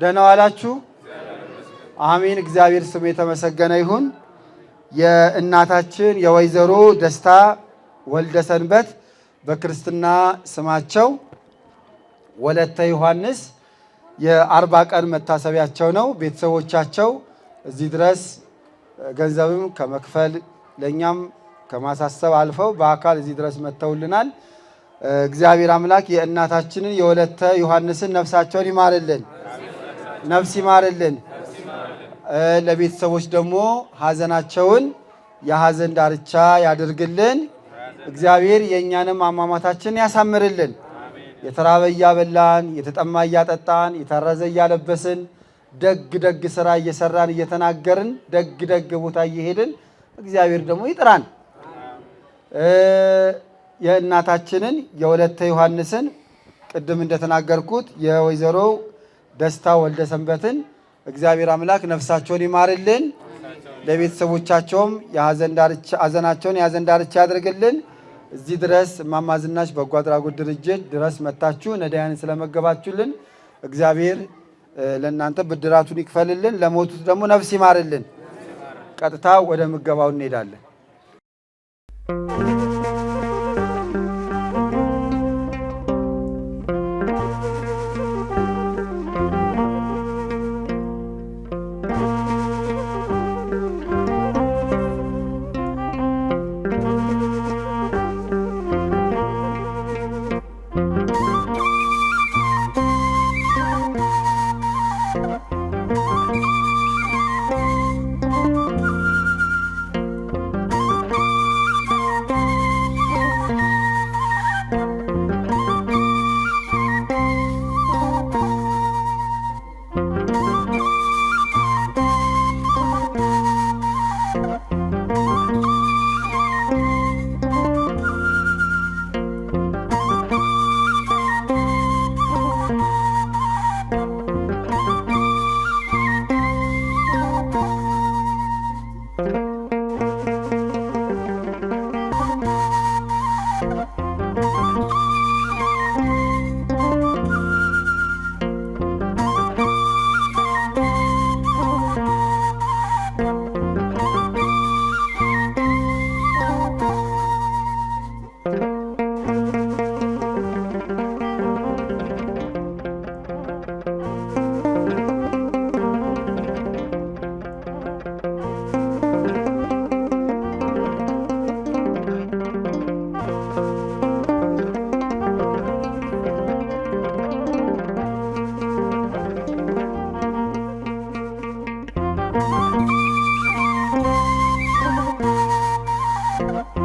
ደህና ዋላችሁ? አሚን። እግዚአብሔር ስም የተመሰገነ ይሁን። የእናታችን የወይዘሮ ደስታ ወልደ ሰንበት በክርስትና ስማቸው ወለተ ዮሐንስ የአርባ ቀን መታሰቢያቸው ነው። ቤተሰቦቻቸው እዚህ ድረስ ገንዘብም ከመክፈል ለእኛም ከማሳሰብ አልፈው በአካል እዚህ ድረስ መጥተውልናል። እግዚአብሔር አምላክ የእናታችንን የወለተ ዮሐንስን ነፍሳቸውን ይማርልን። ነፍስ ይማርልን። ለቤተሰቦች ደግሞ ሀዘናቸውን የሀዘን ዳርቻ ያደርግልን። እግዚአብሔር የእኛንም አሟሟታችን ያሳምርልን። የተራበ እያበላን፣ የተጠማ እያጠጣን፣ የታረዘ እያለበስን፣ ደግ ደግ ስራ እየሰራን እየተናገርን፣ ደግ ደግ ቦታ እየሄድን እግዚአብሔር ደግሞ ይጥራን። የእናታችንን የወለተ ዮሐንስን ቅድም እንደተናገርኩት የወይዘሮ ደስታ ወልደ ሰንበትን እግዚአብሔር አምላክ ነፍሳቸውን ይማርልን፣ ለቤተሰቦቻቸውም ሐዘናቸውን የሐዘን ዳርቻ ያድርግልን። እዚህ ድረስ እማማ ዝናሽ በጎ አድራጎት ድርጅት ድረስ መታችሁ ነዳያንን ስለመገባችሁልን እግዚአብሔር ለእናንተ ብድራቱን ይክፈልልን፣ ለሞቱት ደግሞ ነፍስ ይማርልን። ቀጥታ ወደ ምገባው እንሄዳለን። Thank you.